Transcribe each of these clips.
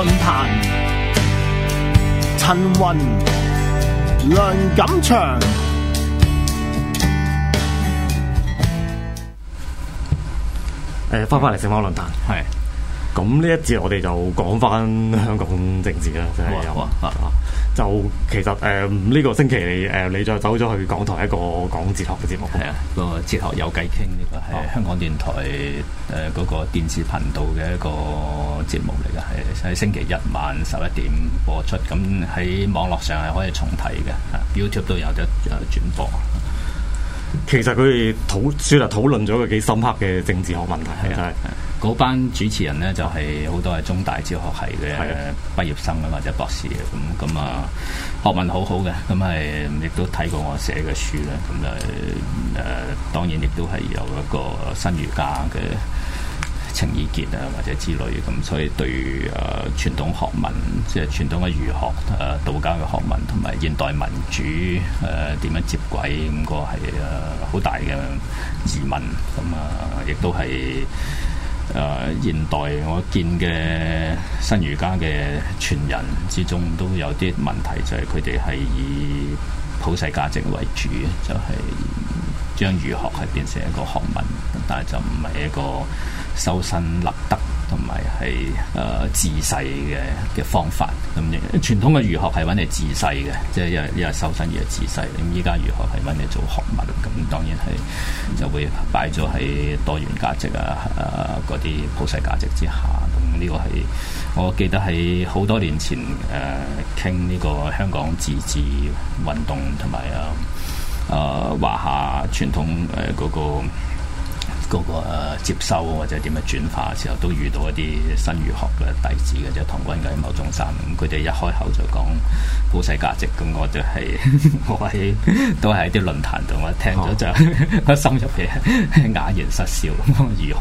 論壇，陳雲、梁錦祥，誒，翻返嚟城邦論壇，係是。咁呢一節我哋就講翻香港政治啦，真係又～就其實誒呢、呃呢個星期誒你就走咗去港台一個講哲學嘅節目，係啊、嗰個哲學有偈傾呢個係香港電台誒嗰，哦呃嗰個電視頻道嘅一個節目嚟嘅，係喺星期一晚十一點播出，咁喺網絡上係可以重睇嘅，YouTube 都有得誒轉播。其實佢哋討主係討論咗個幾深刻嘅政治學問題。嗰班主持人咧就係好多係中大哲學系嘅畢業生啊，或者博士嘅咁咁啊學問好好嘅，咁係亦都睇過我寫嘅書啦，咁啊誒當然亦都係有一個新儒家嘅情意結啊，或者之類咁，所以對於誒、啊、傳統學問即係、就是、傳統嘅儒學誒、啊、道家嘅學問同埋現代民主誒點、啊、樣接軌，咁、那個係誒好大嘅自問，咁啊亦都係。誒、uh, 現代我見嘅新儒家嘅傳人之中，都有啲問題，就係佢哋係以普世價值為主，就係將儒學係變成一個學問，但係就唔係一個修身立德。同埋係誒自細嘅嘅方法咁樣、嗯，傳統嘅儒學係揾嚟自細嘅，即係一係一係修身，二係自細。咁依家儒學係揾嚟做學問，咁、嗯、當然係就會擺咗喺多元價值啊、誒嗰啲普世價值之下。咁、嗯、呢、這個係我記得喺好多年前誒傾呢個香港自治運動同埋啊啊華夏傳統誒嗰、呃那個。個個、呃、接收或者點樣轉化嘅時候，都遇到一啲新儒學嘅弟子嘅，就係唐君毅、牟宗三，咁佢哋一開口就講普世價值，咁我就係、是、我係都係喺啲論壇同我聽咗就、啊、 心入嘅啞然失笑。儒學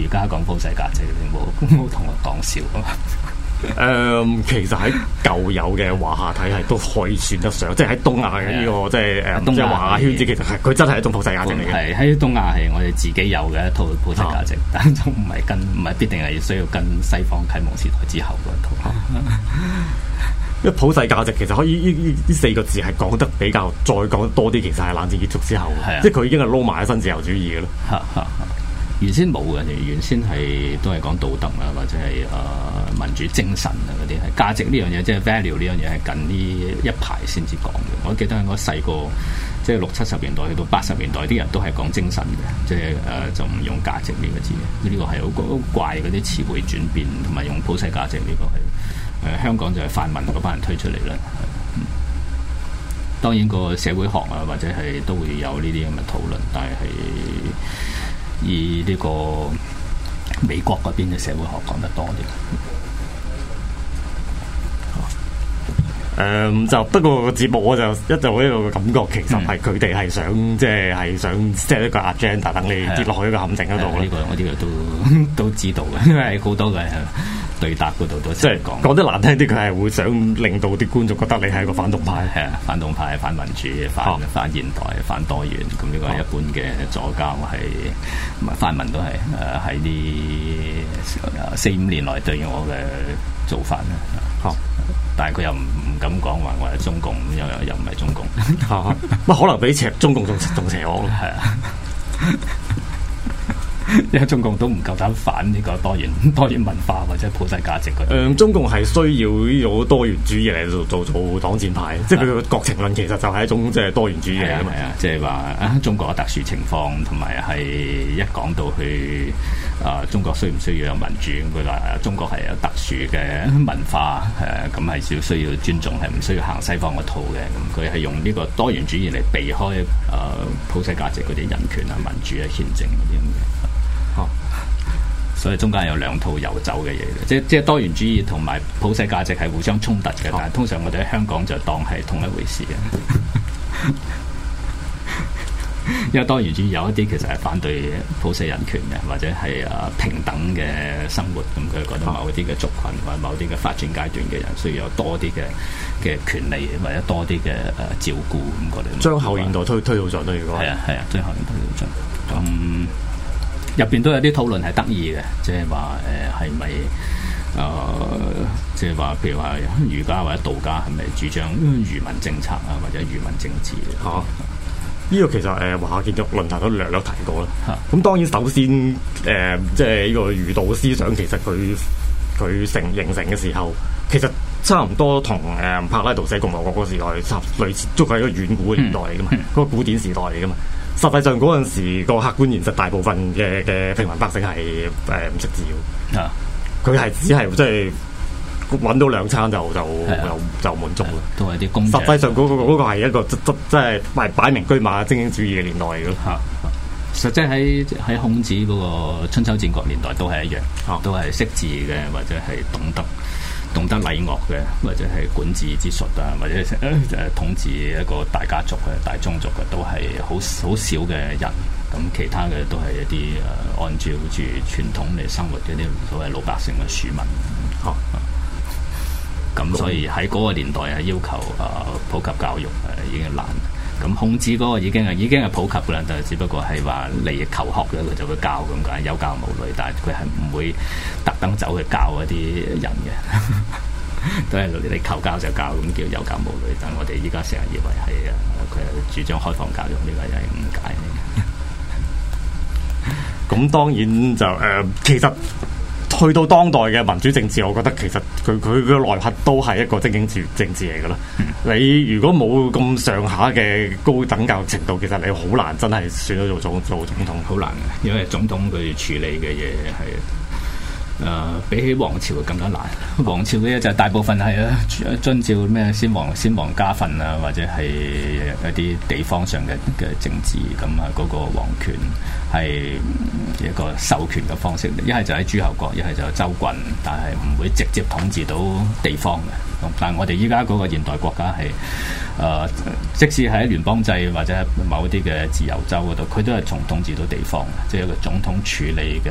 儒家講普世價值，你冇冇同我講笑啊？ 誒、嗯，其實喺舊有嘅華夏體系都可以算得上，即係喺東亞嘅呢個即係誒，即係東亞華夏圈子，其實係佢真係一種普世價值嚟嘅。係喺東亞係我哋自己有嘅一套普世價值，啊、但係就唔係跟唔係必定係需要跟西方啟蒙時代之後嘅一套。啊、因為普世價值其實可以呢呢呢四個字係講得比較再講多啲，其實係冷戰結束之後，是的 即係佢已經係撈埋啲新自由主義咯。啊啊啊原先冇嘅，原先係都係講道德啊，或者係誒、呃、民主精神啊嗰啲係價值呢樣嘢，即係 value 呢樣嘢係近呢一排先至講嘅。我記得我細個即係六七十年代去到八十年代，啲人都係講精神嘅，即係誒、呃、就唔用價值呢個字。呢個係好怪，嗰啲詞彙轉變，同埋用普世價值呢個係誒、呃、香港就係泛民嗰班人推出嚟啦、嗯。當然個社會學啊，或者係都會有呢啲咁嘅討論，但係。以呢個美國嗰邊嘅社會學講得多啲。誒，就不過個節目我就一度一度嘅感覺，其實係佢哋係想即係係想 set 一個 agenda 等你跌落去一個陷阱嗰度，呢個我呢個都都知道嘅，因為好多嘅。對答度都即係講講得難聽啲，佢係會想令到啲觀眾覺得你係個反動派。係啊，反動派、反民主、反、啊、反現代、反多元。咁呢個係一般嘅左膠係，唔係泛民都係。誒喺呢四五年來對於我嘅做法啦。呃啊、但係佢又唔唔敢講話我係中共，又又又唔係中共。乜 可能比邪中共仲仲邪惡？係啊。因為中共都唔夠膽反呢個多元多元文化或者普世價值嘅。誒、嗯，中共係需要有多元主義嚟做做統戰派，嗯、即係佢個國情論，其實就係一種即係多元主義啊。即係話啊，中國嘅特殊情況，同埋係一講到去啊，中國需唔需要有民主？佢話中國係有特殊嘅文化，誒、啊，咁係要需要尊重，係唔需要行西方嘅套嘅。咁佢係用呢個多元主義嚟避開誒、啊、普世價值嗰啲人權啊、民主啊、憲政嗰啲。所以中間有兩套游走嘅嘢嘅，即係即係多元主義同埋普世價值係互相衝突嘅，嗯、但係通常我哋喺香港就當係同一回事嘅。 因為多元主義有一啲其實係反對普世人權嘅，或者係啊平等嘅生活，咁佢覺得某一啲嘅族群或者某啲嘅發展階段嘅人，需要有多啲嘅嘅權利或者多啲嘅誒照顧咁嗰啲。覺得將後現代推推到上都如果係啊係啊，將後現代推到上咁。入邊都有啲討論係得意嘅，即係話誒係咪誒，即係話譬如話儒家或者道家係咪主張愚民政策啊，或者愚民政治、啊？嚇、啊，呢、這個其實誒華夏建築論壇都略略提過啦。嚇、啊，咁當然首先誒，即係呢個儒道思想，其實佢佢成形成嘅時候，其實差唔多同誒、呃、柏拉圖寫共和國嗰時代差類似，都係一個遠古嘅年代嚟噶嘛，嗰、嗯嗯、個古典時代嚟噶嘛。實際上嗰陣時個客觀現實，大部分嘅嘅平民百姓係誒唔識字嘅，佢係、啊、只係即係搵到兩餐就就的就就滿足嘅。都係啲工。實際上嗰、那個嗰係、那個、一個即即即係係擺明車馬精英主義嘅年代嚟嘅。吓、啊啊，實際喺喺孔子嗰個春秋戰國年代都係一樣，啊、都係識字嘅，或者係懂得。懂得禮樂嘅，或者係管治之術啊，或者係誒統治一個大家族嘅大宗族嘅，都係好好少嘅人。咁其他嘅都係一啲誒按照住傳統嚟生活嗰啲所謂老百姓嘅庶民。咁、啊、所以喺嗰個年代啊，要求誒普及教育誒已經難。咁孔子嗰個已經係已經係普及嘅但就只不過係話嚟求學嘅佢就會教咁解，有教無類，但係佢係唔會特登走去教一啲人嘅， 都係嗰啲嚟求教就教咁叫有教無類。但係我哋依家成日以為係啊，佢係主張開放教育，呢個又係誤解。咁 當然就誒、呃，其實。去到當代嘅民主政治，我覺得其實佢佢嘅內核都係一個精英治政治嚟㗎啦。 你如果冇咁上下嘅高等教育程度，其實你好難真係選到做總做總統，好難嘅。因為總統佢處理嘅嘢係。誒、呃、比起王朝更加難， 王朝嘅就大部分係啊遵照咩先王先王家訓啊，或者係一啲地方上嘅嘅政治，咁、嗯、啊、那個個皇權係一個授權嘅方式。一係就喺諸侯國，一係就州郡，但係唔會直接統治到地方嘅。咁、嗯、但係我哋依家嗰個現代國家係誒、呃，即使喺聯邦制或者某啲嘅自由州嗰度，佢都係從統治到地方，即係、就是、一個總統處理嘅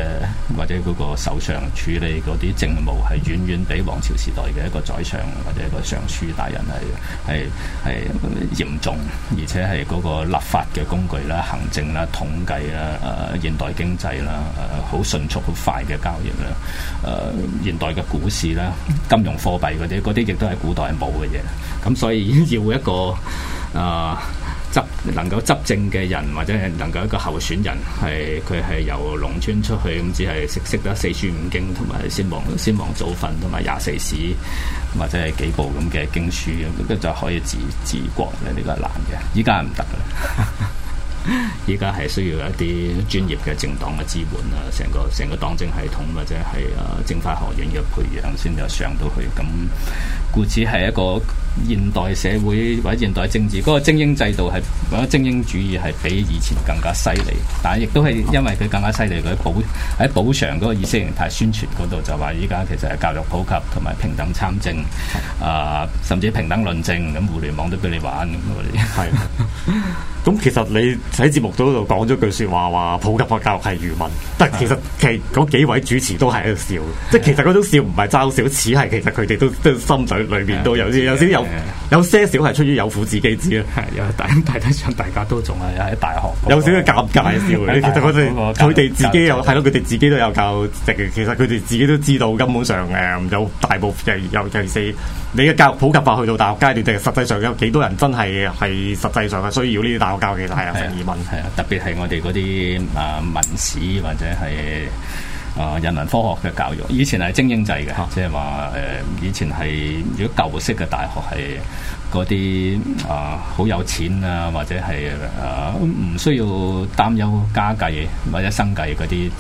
或者嗰個首相。處理嗰啲政務係遠遠比皇朝時代嘅一個宰相或者一個尚書大人係係係嚴重，而且係嗰個立法嘅工具啦、行政啦、統計啦、誒、呃、現代經濟啦、誒、呃、好迅速好快嘅交易啦、誒、呃、現代嘅股市啦、金融貨幣嗰啲，嗰啲亦都係古代冇嘅嘢。咁所以要一個啊，呃執能夠執政嘅人，或者係能夠一個候選人，係佢係由農村出去咁，只係識識得四書五經，同埋先王先王祖訓，同埋廿四史或者係幾部咁嘅經書咁，就可以治治國咧。呢個難嘅，依家係唔得啦。依家係需要一啲專業嘅政黨嘅資本啊，成個成個黨政系統或者係啊政法學院嘅培養，先至上到去。咁故此係一個。現代社會或者現代政治嗰、那個精英制度係嗰、那個精英主義係比以前更加犀利，但係亦都係因為佢更加犀利，佢補喺補償嗰個意識形態宣傳嗰度，就話依家其實係教育普及同埋平等參政，啊、呃、甚至平等論證，咁互聯網都俾你玩咁嗰啲。係的，咁 其實你喺節目度講咗句説話話普及化教育係愚民，但其實其嗰幾位主持都係喺度笑，的即係其實嗰種笑唔係嘲笑，只係的其實佢哋都都心水裏面都有啲有啲的 有些少係出於有苦自己知啦，係有大，大體上大家都仲係喺大學，那個，有少少尷尬啲嘅。其實佢哋自己有，係咯佢哋自己都有教，其其實佢哋自己都知道，根本上誒、嗯、有大部分有尤其是你嘅教育普及法去到大學階段，定係實際上有幾多人真係係實際上係需要呢啲大學教育嘅，係啊，成疑問啊，特別係我哋嗰啲啊文史或者係。啊、哦！人文科學嘅教育，以前係精英制嘅，即係話誒，以前係如果舊式嘅大學係，嗰啲啊好有錢啊，或者係啊唔需要擔憂家計或者生計嗰啲誒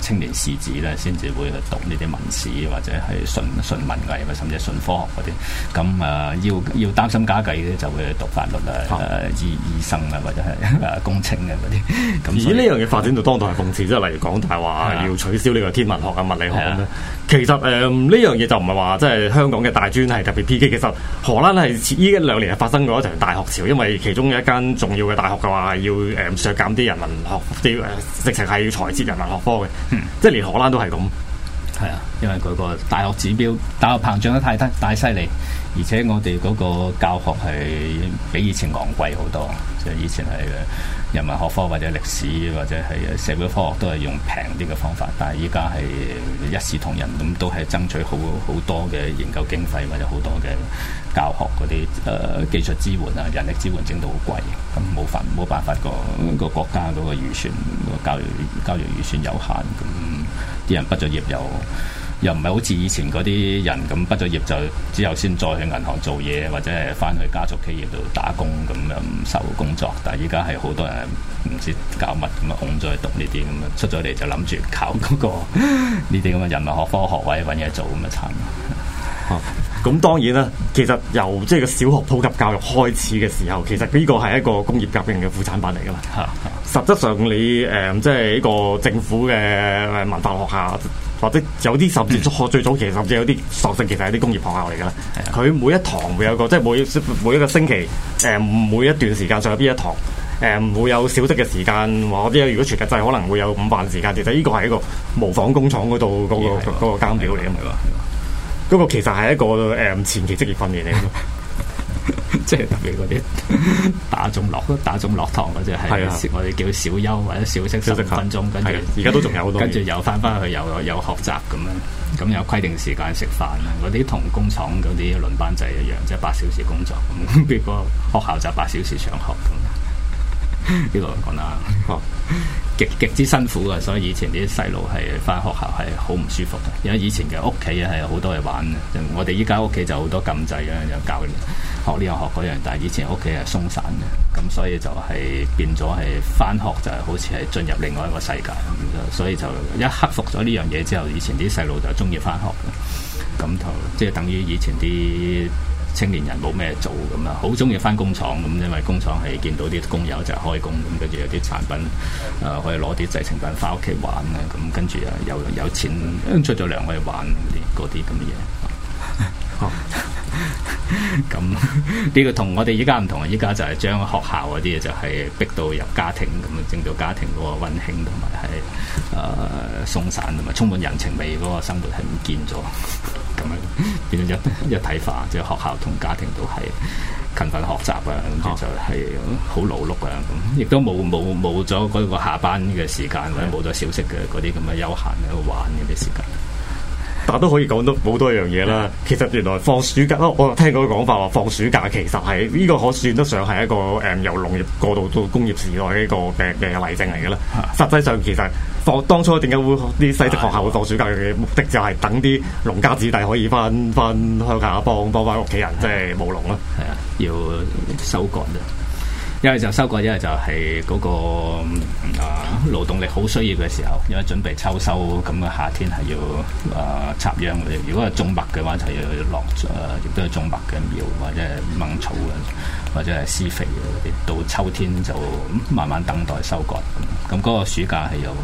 青年士子咧，先至會去讀呢啲文史，或者係純純文藝，或者甚至係純科學啲。咁啊要要擔心家計咧，就會去讀法律啊、誒、啊、醫醫生啊，或者係誒工程啊啲。咁而呢樣嘢發展到當代係諷刺，即係例如講大話，的要取消呢個天文學嘅物理學咧。的的啊、其實誒呢、嗯、樣嘢就唔係話即係香港嘅大專係特別偏激，其實荷蘭係依家。兩年係發生過一場大學潮，因為其中有一間重要嘅大學嘅話，要誒、嗯、削減啲人文學啲，直情係要裁撤人文學科嘅，嗯、即係連荷蘭都係咁。係啊，因為佢個大學指標，大學膨脹得太得太犀利。而且我哋嗰個教學係比以前昂貴好多，即係以前係人文學科或者歷史或者係社會科學都係用平啲嘅方法，但係依家係一視同仁咁，都係爭取好好多嘅研究經費或者好多嘅教學嗰啲誒技術支援啊、人力支援整到好貴，咁冇法冇辦法個個國家嗰個預算個教育教育預算有限，咁啲人畢咗業又。又唔係好似以前嗰啲人咁畢咗業就之後先再去銀行做嘢，或者係翻去家族企業度打工咁樣受工作。但係依家係好多人唔知搞乜咁啊，恐咗去讀呢啲咁啊，出咗嚟就諗住考嗰個呢啲咁嘅人文學科學位揾嘢做咁啊，慘、嗯！哦，咁當然啦，其實由即係個小學普及教育開始嘅時候，其實呢個係一個工業革命嘅副產品嚟噶嘛。啊，實質上你誒、嗯、即係呢個政府嘅文化學校。或者有啲甚至初最早期甚至有啲索性其實係啲工業學校嚟㗎啦。佢每一堂會有個即係每每一個星期誒、嗯、每一段時間上邊一堂，唔會有小息嘅時間，或者如果全日制可能會有午飯時間。其實呢個係一個模仿工廠嗰度嗰個監表嚟㗎嘛。嗰、yeah, yeah, yeah, yeah, yeah. 個其實係一個誒、嗯、前期職業訓練嚟。 即係特別嗰啲打鐘落打鐘落堂嗰只係，的我哋叫小休或者小息十分鐘，的跟住而家都仲有,有，跟住又翻翻去又有學習咁樣，咁有規定時間食飯啊。嗰啲同工廠嗰啲輪班制一樣，即係八小時工作。不過學校就八小時上學咁。呢、這個講得極極 之辛苦啊！所以以前啲細路係翻學校係好唔舒服嘅，因為以前嘅屋企係好多嘢玩。我哋依家屋企就好多禁制有教練。學呢樣學嗰樣，但係以前屋企係鬆散嘅，咁所以就係變咗係翻學就係好似係進入另外一個世界咁，所以就一克服咗呢樣嘢之後，以前啲細路就中意翻學嘅，咁就即係等於以前啲青年人冇咩做咁啊，好中意翻工廠咁，因為工廠係見到啲工友就開工，咁跟住有啲產品啊、呃、可以攞啲製成品翻屋企玩啊，咁跟住啊有有錢出咗糧可以玩嗰啲嗰啲咁嘅嘢。咁呢、哦 呢個我同我哋而家唔同啊！而家就係將學校嗰啲嘢就係逼到入家庭，咁啊整到家庭嘅溫馨同埋係誒鬆散同埋充滿人情味嗰個生活係唔見咗，咁 樣變咗一一體化，即、就、係、是、學校同家庭都係勤奮學習啊，咁、哦、就係好勞碌啊，咁亦都冇冇冇咗嗰個下班嘅時間，是的 或者冇咗小息嘅嗰啲咁嘅休閒喺度玩嗰啲時間。但都可以講多好多一樣嘢啦。其實原來放暑假，我我聽過個講法話放暑假其實係呢個可算得上係一個誒、嗯、由農業過渡到工業時代嘅一個嘅嘅例證嚟嘅啦。實際上，其實放當初點解會啲細級學校會放暑假嘅目的，就係等啲農家子弟可以翻翻鄉下幫幫翻屋企人，即係務農咯。係啊，要收割啫。一係就收割，一係就係嗰個啊勞動力好需要嘅時候，因為準備秋收咁嘅夏天係要啊插秧嘅。如果係種麥嘅話，就要落啊，亦都係種麥嘅苗或者掹草啊，或者係施肥。到秋天就慢慢等待收割。咁嗰個暑假係有。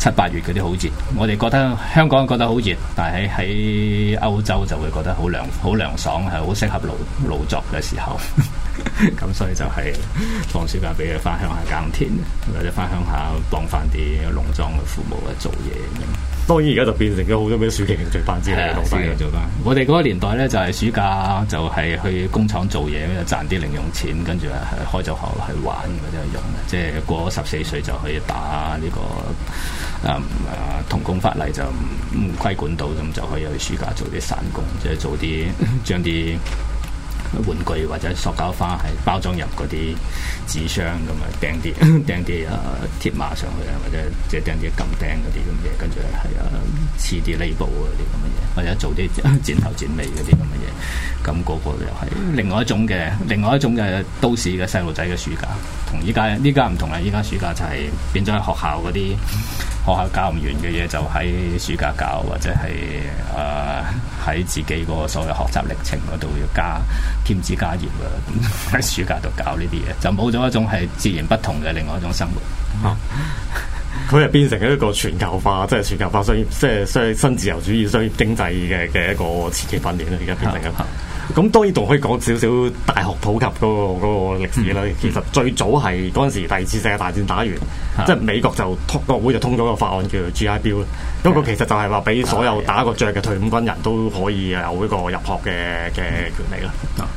七八月嗰啲好熱，我哋覺得香港覺得好熱，但係喺歐洲就會覺得好涼、好涼爽，係好適合勞勞作嘅時候。咁 所以就係放暑假畀佢返鄉下耕田，或者返鄉下幫返啲農莊嘅父母啊做嘢。當然而家就變成咗好多咩暑期興趣班之類，係做班。我哋嗰個年代咧，就係、是、暑假就係、是、去工廠做嘢，咁就賺啲零用錢，跟住開咗學去玩嗰去用嘅。即係過咗十四歲就可以打呢、這個誒誒童工法例就唔規管到，咁就可以去暑假做啲散工，即係做啲將啲。 玩具或者塑膠花，係包裝入嗰啲紙箱咁啊，釘啲釘啲啊貼碼上去啊，或者即係釘啲撳釘嗰啲咁嘅嘢，跟住係啊，黐啲 label 嗰啲咁嘅嘢，或者做啲剪頭剪尾嗰啲咁嘅嘢，咁個個又係另外一種嘅，另外一種嘅都市嘅細路仔嘅暑假，同依家依家唔同啊！依家暑假就係變咗喺學校嗰啲。學校教唔完嘅嘢就喺暑假教，或者係啊喺自己個所謂學習歷程嗰度要加兼職加，加業啊，咁 喺暑假度教呢啲嘢，就冇咗一種係截然不同嘅另外一種生活。嗯 佢係變成一個全球化，即係全球化商業，即係商新自由主義商業經濟嘅嘅一個前期發展啦。而家變成咁，咁 當然仲可以講少少大學普及嗰，那個嗰歷史啦。其實最早係嗰陣時第二次世界大戰打完， 即係美國就通國會就通咗個法案叫 G.I. b i l 不過其實就係話俾所有打過仗嘅退伍軍人都可以有呢個入學嘅嘅權利啦。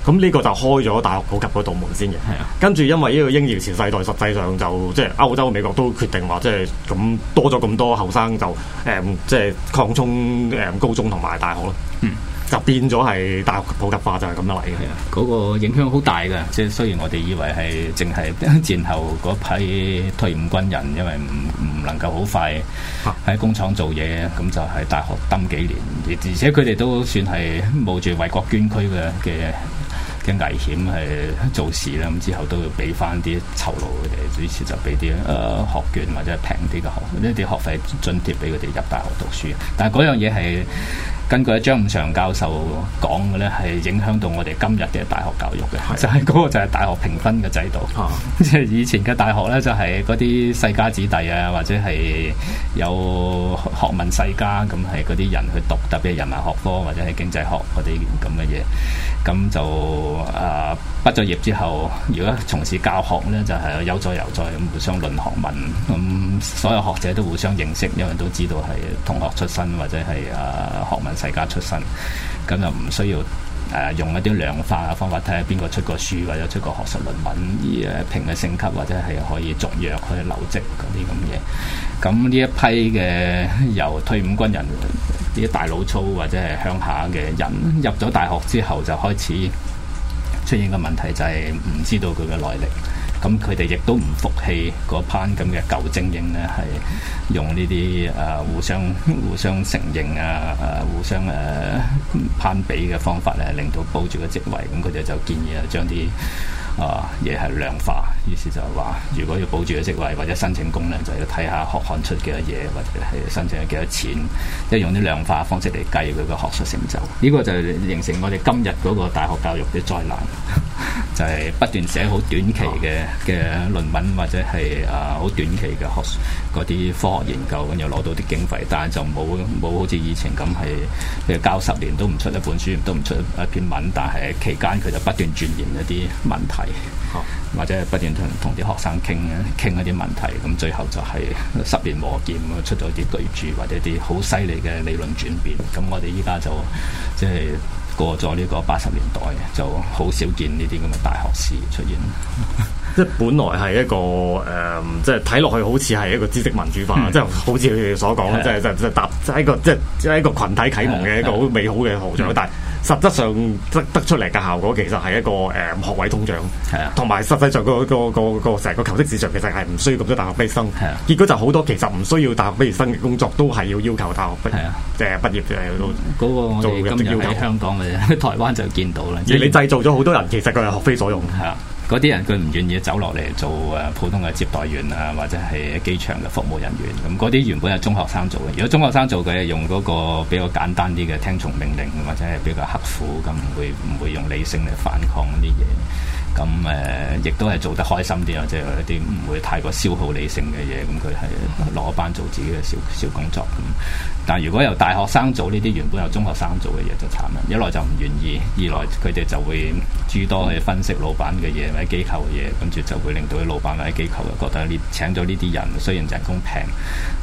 咁呢 個就開咗大學普及嗰道門先嘅。跟住因為呢個嬰兒潮世代，實際上就即係歐洲、美國都決定話即係。咁多咗咁多後生就誒、嗯，即係擴充誒高中同埋大學咯，嗯、就變咗係大學普及化就係、是、咁樣嚟嘅。嗰、那個影響好大㗎，即係雖然我哋以為係淨係戰後嗰批退伍軍人，因為唔唔能夠好快喺工廠做嘢，咁、啊、就喺大學躉幾年，而而且佢哋都算係冒住為國捐軀嘅嘅。嘅危險係做事啦，咁之後都要俾翻啲酬勞佢哋，於是就俾啲誒學券或者平啲嘅學，呢啲、嗯、學費津貼俾佢哋入大學讀書。但係嗰樣嘢係，根據張五常教授講嘅呢，係影響到我哋今日嘅大學教育嘅，就係、是、嗰個就係大學評分嘅制度。即 係以前嘅大學呢，就係嗰啲世家子弟啊，或者係有學問世家咁，係嗰啲人去讀，特別係人文學科或者係經濟學嗰啲咁嘅嘢。咁就啊，畢咗業之後，如果從事教學呢，就係、是、有在有在咁互相論學問，咁、嗯、所有學者都互相認識，因為都知道係同學出身或者係啊學問。世家出身，咁就唔需要誒、呃、用一啲量化嘅方法睇下邊個出過書或者出過學術論文而評佢升級或者係可以續約去留職嗰啲咁嘢。咁呢一批嘅由退伍軍人、啲大老粗或者係鄉下嘅人入咗大學之後就開始出現嘅問題就係唔知道佢嘅來歷。咁佢哋亦都唔服氣，嗰班咁嘅舊精英呢，係用呢啲誒互相互相承認啊，誒互相誒、呃、攀比嘅方法咧，令到保住個職位。咁佢哋就建議啊，將啲。啊！嘢係量化，意思就係話，如果要保住個職位或者申請功能，就要睇下學刊出嘅嘢，或者係申請咗幾多錢，即係用啲量化方式嚟計佢個學術成就。呢、這個就係形成我哋今日嗰個大學教育嘅災難，就係、是、不斷寫好短期嘅嘅論文，或者係啊好短期嘅學術。嗰啲科學研究咁又攞到啲經費，但係就冇冇好似以前咁係，即係教十年都唔出一本書，都唔出一篇文。但係期間佢就不斷鑽研一啲問題，好或者係不斷同同啲學生傾傾一啲問題。咁最後就係十年磨劍咁出咗啲巨著，或者啲好犀利嘅理論轉變。咁我哋依家就即係。過咗呢個八十年代，就好少見呢啲咁嘅大學士出現。即係 本來係一個誒，即係睇落去好似係一個知識民主化，即係、嗯、好似佢哋所講即係即係即係搭即係一個即係即係一個群體啟蒙嘅一個好美好嘅圖像，嗯嗯、但係。實質上得得出嚟嘅效果，其實係一個誒、呃、學位通脹，同埋、啊、實際上個個個成個求職市場其實係唔需要咁多大學畢業生。啊、結果就好多其實唔需要大學畢業生嘅工作，都係要要求大學、啊呃、畢業誒畢業嘅。嗰個我哋今日喺香港嘅啫，求 喺台灣就見到啦。而你製造咗好多人，其實佢係學非所用。嗰啲人佢唔願意走落嚟做誒普通嘅接待員啊，或者係機場嘅服務人員。咁嗰啲原本係中學生做嘅。如果中學生做，佢係用嗰個比較簡單啲嘅聽從命令，或者係比較刻苦，咁唔會唔會用理性嚟反抗啲嘢。咁誒、呃、亦都係做得開心啲啊！即係一啲唔會太過消耗理性嘅嘢，咁佢係落班做自己嘅小小工作。咁但係如果由大學生做呢啲原本由中學生做嘅嘢就慘啦！一來就唔願意，二來佢哋就會諸多去分析老闆嘅嘢或者機構嘅嘢，跟住就會令到啲老闆或者機構又覺得呢請咗呢啲人，雖然人工平，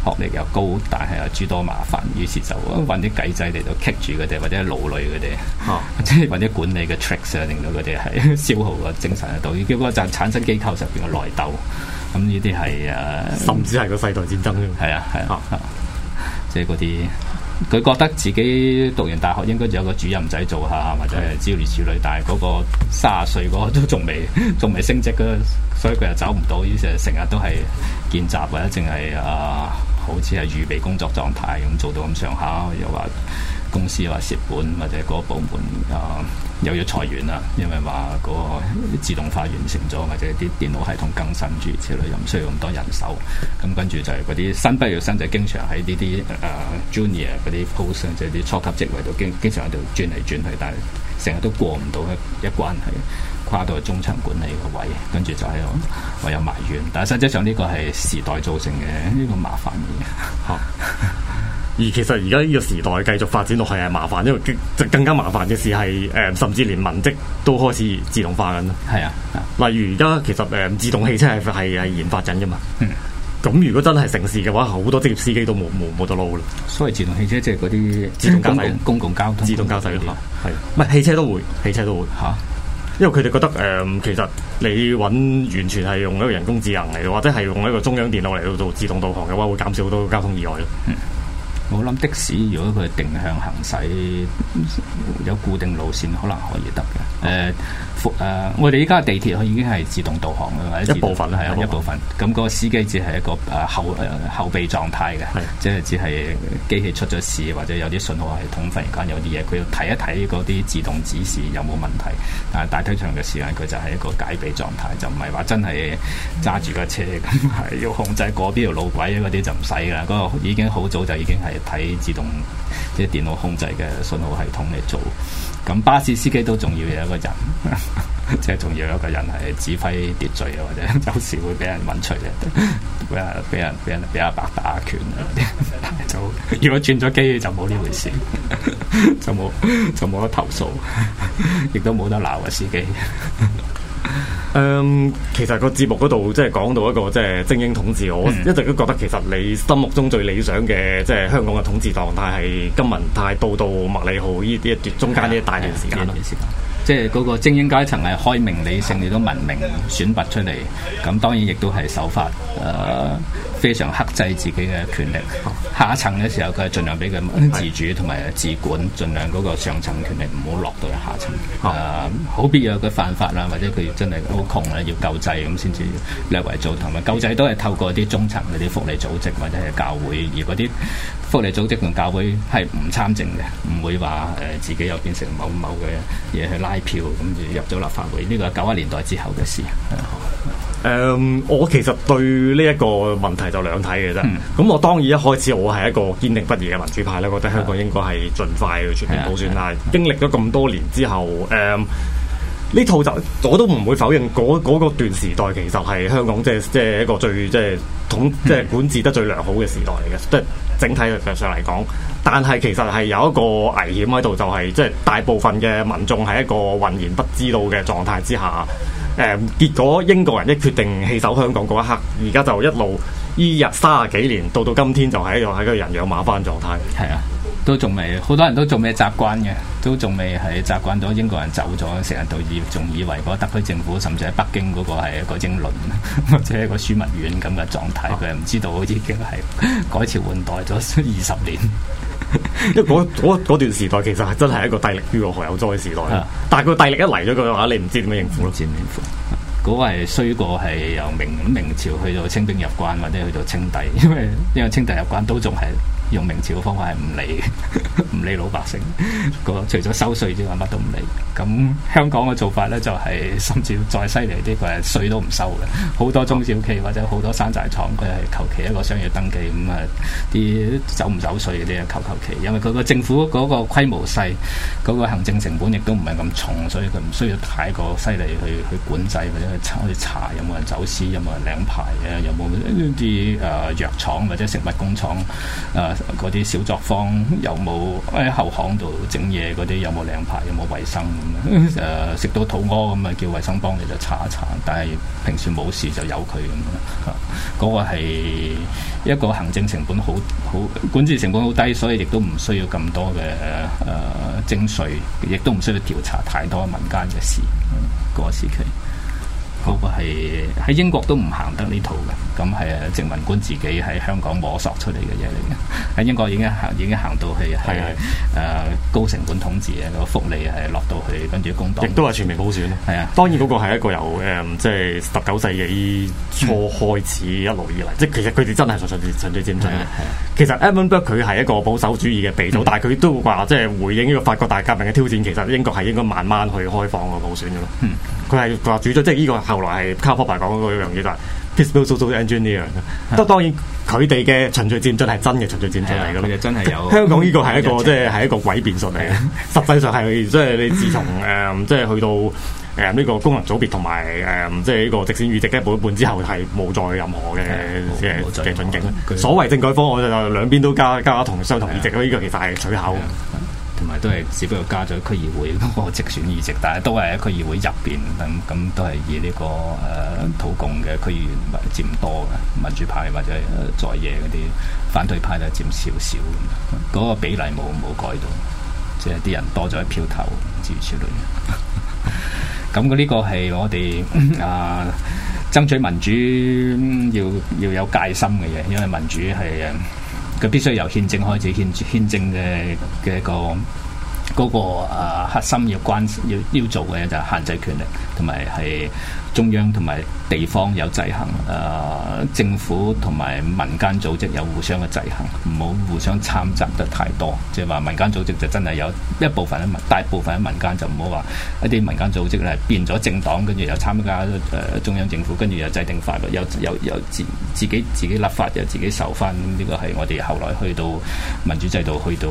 學歷又高，但係又諸多麻煩，於是就揾啲計仔嚟到 keep 住佢哋，或者勞累佢哋，即係揾啲管理嘅 tricks 啊，令到佢哋係消耗啊～精神喺度，亦都嗰個就產生機構入邊嘅內鬥，咁呢啲係誒，啊、甚至係個世代戰爭咯。係啊係啊，啊啊即係嗰啲，佢覺得自己讀完大學應該就有一個主任仔做下，或者係招嚟處女。但係嗰個卅歲嗰個都仲未，仲未升職嘅，所以佢又走唔到，於是成日都係見習或者淨係誒，好似係預備工作狀態咁做到咁上下又話。公司話蝕本或者嗰個部門啊又要裁員啦，因為話嗰個自動化完成咗或者啲電腦系統更新完之後又唔需要咁多人手。咁跟住就係嗰啲新畢業生就經常喺呢啲誒 junior 嗰啲 post，即係啲初級職位度，經經常喺度轉嚟轉去，但係成日都過唔到一一關，係跨到去中層管理個位。跟住就係唯有埋怨，但係實際上呢個係時代造成嘅呢個麻煩嘢。而其實而家呢個時代繼續發展落去係麻煩，因為更更加麻煩嘅事係誒，甚至連文職都開始自動化緊咯。係啊，例如而家其實誒、呃、自動汽車係係係研發緊噶嘛。咁、嗯、如果真係城市嘅話，好多職業司機都冇冇冇得撈啦。所謂自動汽車即係嗰啲自動交公，公共交通，自動交底咯。係、啊、汽車都會？汽車都會嚇，會啊、因為佢哋覺得誒、呃，其實你揾完全係用一個人工智能嚟，或者係用一個中央電腦嚟到做自動導航嘅話，會減少好多交通意外咯。嗯我諗的士如果佢定向行駛，有固定路線，可能可以得嘅。誒，誒，我哋依家地鐵佢已經係自動導航嘅，或者一部分係一部分。咁嗰對個司機只係一個誒後誒後備狀態嘅，的即係只係機器出咗事或者有啲信號系統忽然間有啲嘢，佢要睇一睇嗰啲自動指示有冇問題。但係大體上嘅時間，佢就係一個解備狀態，就唔係話真係揸住架車咁係、嗯、 要控制嗰邊條路軌嗰啲就唔使啦。嗰、嗰個已經好早就已經係睇自動即係電腦控制嘅信號系統嚟做。咁巴士司機都仲要有一個人，即係仲要有一個人係指揮秩序啊，或者有時會俾人搵錘啊，俾 人俾人俾人俾阿伯打拳啊， 就如果轉咗機就冇呢回事， 就冇就冇 得投訴，亦都冇得鬧個司機。嗯，um, 其實個節目嗰度即係講到一個即係精英統治，我一直都覺得其實你心目中最理想嘅即係香港嘅統治狀態係金文泰到到麥理浩呢一段中間呢一大段時間咯。即係嗰個精英階層係開明理性，亦都文明選拔出嚟。咁當然亦都係守法，誒、呃、非常克制自己嘅權力。下層嘅時候，佢係盡量俾佢自主同埋自管，盡量嗰個上層權力唔好落到去下層。啊，好必要嘅犯法啦，或者佢真係好窮啊，要救濟咁先至略為做，同埋救濟都係透過啲中層嗰啲福利組織或者係教會。而嗰啲福利組織同教會係唔參政嘅，唔會話誒，自己又變成某某嘅嘢去拉。票，跟住入咗立法會，呢個係九十年代之後嘅事。誒，我其實對呢一個問題就兩睇嘅啫。咁我當然一開始我係一個堅定不移嘅民主派咧，覺得香港應該係盡快全面普選啦。經歷咗咁多年之後，誒、嗯。呢套就我都唔會否認，嗰、那個、段時代其實係香港即係即係一個最即係統即係管治得最良好嘅時代嚟嘅，即係整體上嚟講。但係其實係有一個危險喺度，就係、是、即係大部分嘅民眾喺一個渾然不知道嘅狀態之下，誒、嗯、結果英國人一決定棄守香港嗰一刻，而家就一路依日三十幾年到到今天就係喺度喺個人仰馬翻狀態，係啊。都仲未，好多人都仲未習慣嘅，都仲未係習慣咗英國人走咗，成日都以仲以為嗰特區政府甚至喺北京嗰個係一個英倫，或者係一個書物院咁嘅狀態，佢又唔知道已經係改朝換代咗二十年。因 段時代其實係真係一個帝力於何有哉嘅時代，啊、但係佢帝力一嚟咗嘅話，你唔知點樣應付咯，點應付？嗰、嗯嗯嗯嗯嗯嗰個衰過係由明明，明朝去到清兵入關或者去到清帝，因為因為清帝入關都仲係。用明朝嘅方法係唔理唔 理老百姓，個 除咗收稅之外，乜都唔理。咁香港嘅做法咧、就係，就係甚至再犀利啲，佢係稅都唔收嘅。好多中小企或者好多山寨廠，佢係求其一個商業登記咁啊，啲走唔走稅啲啊，求求其。因為佢個政府嗰個規模細，嗰、嗰個行政成本亦都唔係咁重，所以佢唔需要太過犀利去去管制或者去查去查有冇人走私，有冇人領牌嘅，有冇啲誒藥廠或者食物工廠誒。呃嗰啲小作坊有冇喺後巷度整嘢？嗰啲有冇領牌？有冇衞生咁啊、呃？食到肚屙咁啊，叫衞生幫你哋查一查。但係平時冇事就由佢咁咯。啊，嗰、那個係一個行政成本好好，管制成本好低，所以亦都唔需要咁多嘅誒、呃、徵稅，亦都唔需要調查太多民間嘅事。嗰、啊那個時期。嗰個係喺英國都唔行得呢套嘅，咁係殖民官自己喺香港摸索出嚟嘅嘢嚟嘅。喺英國已經行已經行到去，係係誒高成本統治嘅個福利係落到去，跟住工黨亦都係全民普選。係啊，當然嗰個係一個由誒即係十九世紀初開始一路以嚟，即係其實佢哋真係在在在在純粹嘅。其實 Edmund Burke 佢係一個保守主義嘅鼻祖，嗯、但係佢都話即係回應呢個法國大革命嘅挑戰，其實英國係應該慢慢去開放個普選嘅咯。佢係話主張即係呢個後來係 Karl Popper 講嗰樣嘢就係、peaceful social engineer 都當然佢哋嘅循序漸進係真嘅循序漸進嚟嘅，嗯、真係有。香港呢個係一個、嗯、即係係一個鬼辯術嚟嘅，嗯、實際上係、嗯嗯、即係你自從誒、um, 即係去到。誒，呢、嗯，這個功能組別同埋誒，即係呢個直選議席嘅半半之後係冇再任何嘅嘅嘅前景。所謂政改方案，就兩邊都加加，加同修同議席，呢的個其實係取巧。同埋、嗯、都係只不過加咗區議會嗰個直選議席，但係都係喺區議會入邊，咁、嗯、咁都係以呢、這個誒、啊、土共嘅區議員佔多嘅，民主派或者在野嗰啲反對派就佔少，少少，嗰、那個比例冇冇改到，即係啲人多咗一票頭，諸如此類。 咁呢個係我哋啊爭取民主要要有戒心嘅嘢，因為民主係佢必須由憲政開始，憲憲政嘅嘅一個嗰個啊核心要關要要做嘅嘢就係限制權力，同埋係。中央同埋地方有制衡，誒、呃、政府同埋民間組織有互相嘅制衡，唔好互相參雜得太多。即係話民間組織就真係有一部分嘅民，大部分嘅民間就唔好話一啲民間組織咧變咗政黨，跟住又參加誒、呃、中央政府，跟住又制定法律，又又又自自己自己立法又自己受翻。呢、這個係我哋後來去到民主制度，去到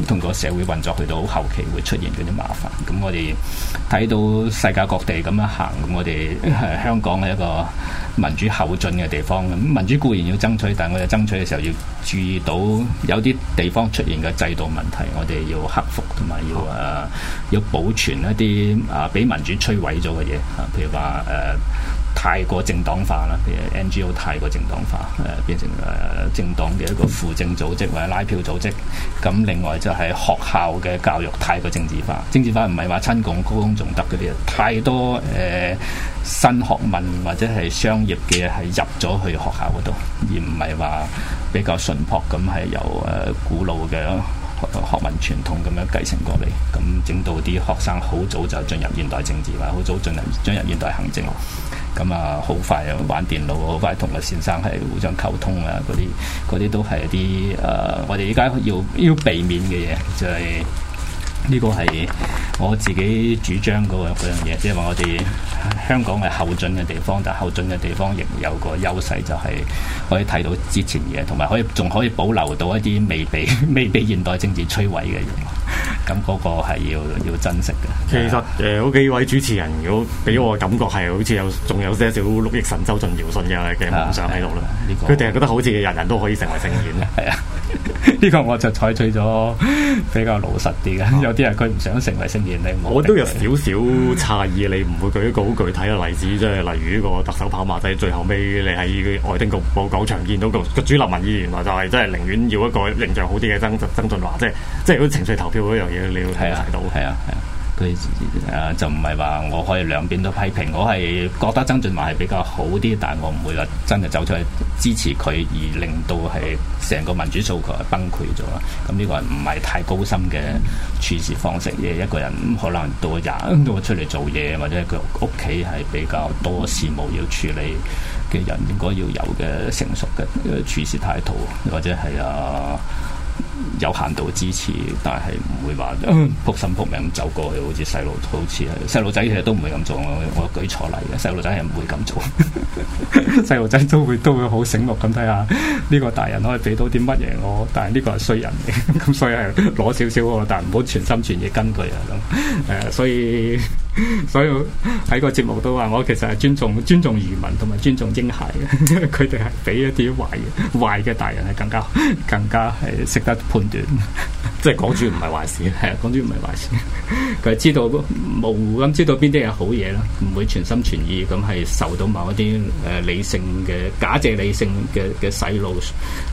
誒通過社會運作，去到後期會出現啲麻煩，咁我哋睇到世界各地咁樣行，咁我哋。係香港嘅一個民主後進嘅地方，咁民主固然要爭取，但係我哋爭取嘅時候要注意到有啲地方出現嘅制度問題，我哋要克服，同埋要啊、呃、要保存一啲啊俾民主摧毀咗嘅嘢啊，譬如話誒。呃太過政黨化啦，啲 NGO 太過政黨化，誒、呃、變成誒、呃、政黨嘅一個附政組織或者拉票組織。咁、呃、另外就係學校嘅教育太過政治化，政治化唔係話親共,公共德、高共共得嗰啲太多誒、呃、新學問或者係商業嘅係入咗去學校嗰度，而唔係話比較淳朴咁係由誒、呃、古老嘅學學問傳統咁樣繼承過嚟，咁、嗯、整到啲學生好早就進入現代政治化，或好早進入進入現代行政。咁啊，好快又玩電腦，好快同阿先生係互相溝通啊！嗰啲嗰啲都係一啲誒、呃，我哋而家要要避免嘅嘢就係、是。呢個係我自己主張嗰樣嘢，即係話我哋香港係後進嘅地方，但係後進嘅地方亦有個優勢，就係可以睇到之前嘢，同埋可以仲可以保留到一啲未被未被現代政治摧毀嘅嘢。咁嗰個係要要珍惜嘅。其實誒，好、呃、幾位主持人，如果俾我感覺係好似有仲有些少六億神州盡舜堯嘅嘅夢想喺度啦。呢個佢哋係覺得好似人人都可以成為聖賢。係啊。啊啊啊啊呢 個我就採取咗比較老實啲嘅，啊、有啲人佢唔想成為勝利者。我都有少少詫異， 你唔會舉一個好具體嘅例子，即係例如呢個特首跑馬仔，最後尾，你喺愛丁堡廣場見到個個主流民意，原來就係真係寧願要一個形象好啲嘅曾，曾俊華，即係即係如果情緒投票嗰樣嘢，你要睇到係啊係啊。誒， 就唔係話我可以兩邊都批評，我係覺得曾俊華係比較好啲，但係我唔會話真係走出去支持佢，而令到係成個民主訴求係崩潰咗啦。咁呢個唔係太高深嘅處事方式嘅一個人，可能到廿都出嚟做嘢，或者佢屋企係比較多事務要處理嘅人，應該要有嘅成熟嘅處事態度，或者係啊。有限度支持，但係唔會話撲心撲命咁走過去，好似細路，好似係細路仔，其實都唔會咁做。我舉錯例嘅，細路仔係唔會咁做，細路仔都會都會好醒目看看。咁睇下呢個大人可以俾到啲乜嘢我？但係呢個係衰人嚟，咁 所以係攞少少，但係唔好全心全意跟佢啊咁。誒、 呃，所以。所以喺個節目都話，我其實係尊重尊重漁民同埋尊重嬰孩嘅，佢哋係比一啲壞壞嘅大人係更加更加係識得判斷，即係 港豬唔係壞事，係、啊、港豬唔係壞事，佢 係知道模糊咁知道邊啲係好嘢啦，唔會全心全意咁係受到某一啲誒、呃、理性嘅假借理性嘅嘅洗腦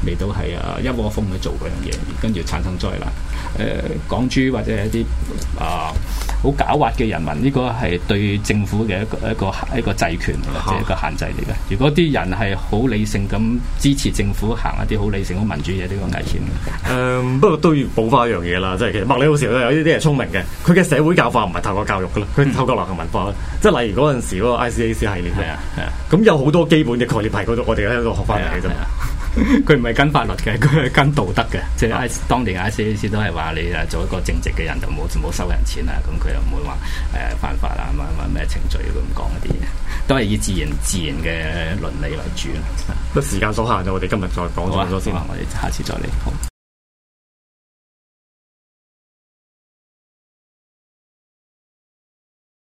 嚟到係啊一窩蜂去做嗰樣嘢，跟住產生災難。誒、呃，港豬或者一啲啊。好狡猾嘅人民，呢個係對政府嘅一個一個一個制權或者一個限制嚟嘅。如果啲人係好理性咁支持政府行一啲好理性嘅民主嘢，呢個危險嘅、嗯。不過都要補翻一樣嘢啦，即係其實麥理浩時有啲啲係聰明嘅，佢嘅社會教化唔係透過教育㗎啦，佢透過流行文化。即係、嗯、例如嗰陣時嗰個 I C A C 系列，係啊，係啊，咁有好多基本嘅概念係度，我哋喺度學翻嚟嘅。佢唔係跟法律嘅，佢係跟道德嘅。即係阿當年阿 ICAC 都係話你誒，做一個正直嘅人就，就冇冇收人錢啊。咁佢又唔會話誒、呃、犯法啊，唔係唔咩程序咁講嗰啲嘢，都係以自然自然嘅倫理為主咯。啊、時間所限啊，我哋今日再講咗咁多先，我哋下次再嚟好。